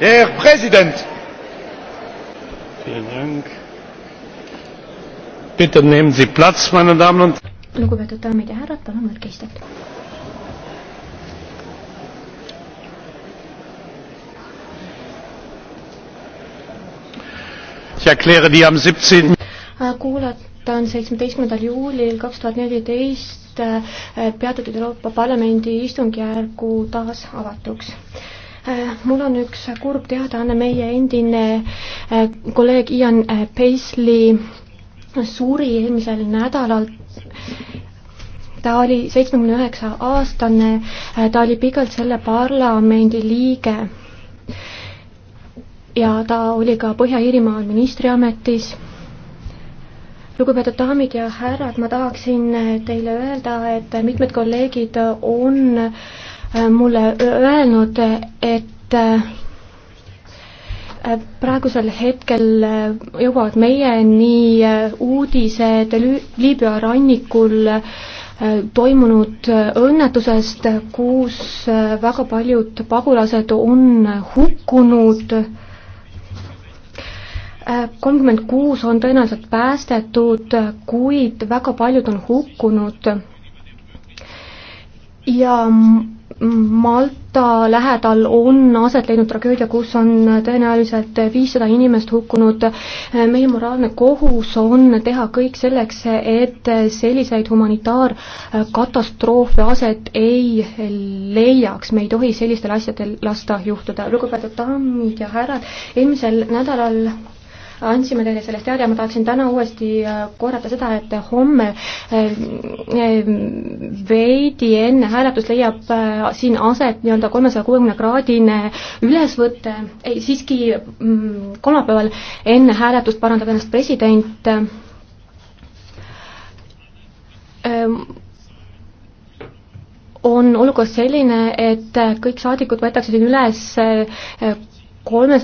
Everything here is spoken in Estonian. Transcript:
Herr Präsident! Vielen Dank. Bitte nehmen Sie Platz, meine Damen und Lugupeetud daamid ja härrad, palun võtke istet. Ich erkläre die am 17. Ah, kuulatan seitsmeteistkümnendal juulil kaks tuhat neliteist äh, peatatud Euroopa Parlamendi istungjärgu taas avatuks Äh, mul on üks kurb teadaanne, meie endine äh, kolleeg Ian äh, Paisley suri eelmisel nädalal. ta oli seitsmekümne üheksa aastane, ta oli pikalt selle parlamendi liige. ja ta oli ka Põhja-Iirimaal ministriametis lugupeetud daamid ja härrad, ma tahaksin teile öelda, et mitmed kolleegid on Äh, mulle öelnud, et äh, praegusel hetkel äh, jõuavad meieni uudised Liibüa rannikul toimunud õnnetusest, kus väga paljud pagulased on hukkunud. kolmkümmend kuus on tõenäoliselt päästetud, kuid väga paljud on hukkunud ja Malta lähedal on aset leidnud tragöödia, kus on tõenäoliselt viissada inimest hukkunud. meie moraalne kohus on teha kõik selleks, et selliseid humanitaarkatastroofe aset ei leiaks, me ei tohi sellistel asjadel lasta juhtuda. lugupeetud daamid ja härrad, eelmisel nädalal andsime teile sellest teada ja ma tahaksin täna uuesti äh, korrata seda, et homme äh, äh, veidi enne hääletust leiab siin aset nii-öelda kolmesaja kuuekümne kraadine ülesvõte, ei siiski mm, kolmapäeval enne hääletust parandab ennast president on olukord selline, et kõik saadikud võetakse siin üles kolmes